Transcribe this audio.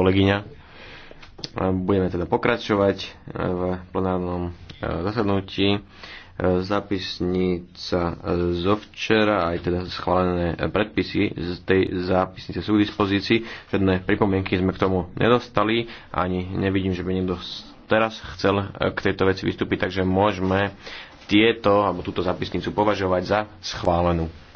kolegyňa. Budeme teda pokračovať e, v plenárnom e, zasadnutí. E, zápisnica zo včera, aj teda schválené predpisy z tej zápisnice sú k dispozícii. Žiadne pripomienky sme k tomu nedostali, ani nevidím, že by niekto teraz chcel k tejto veci vystúpiť, takže môžeme tieto, alebo túto zápisnicu považovať za schválenú.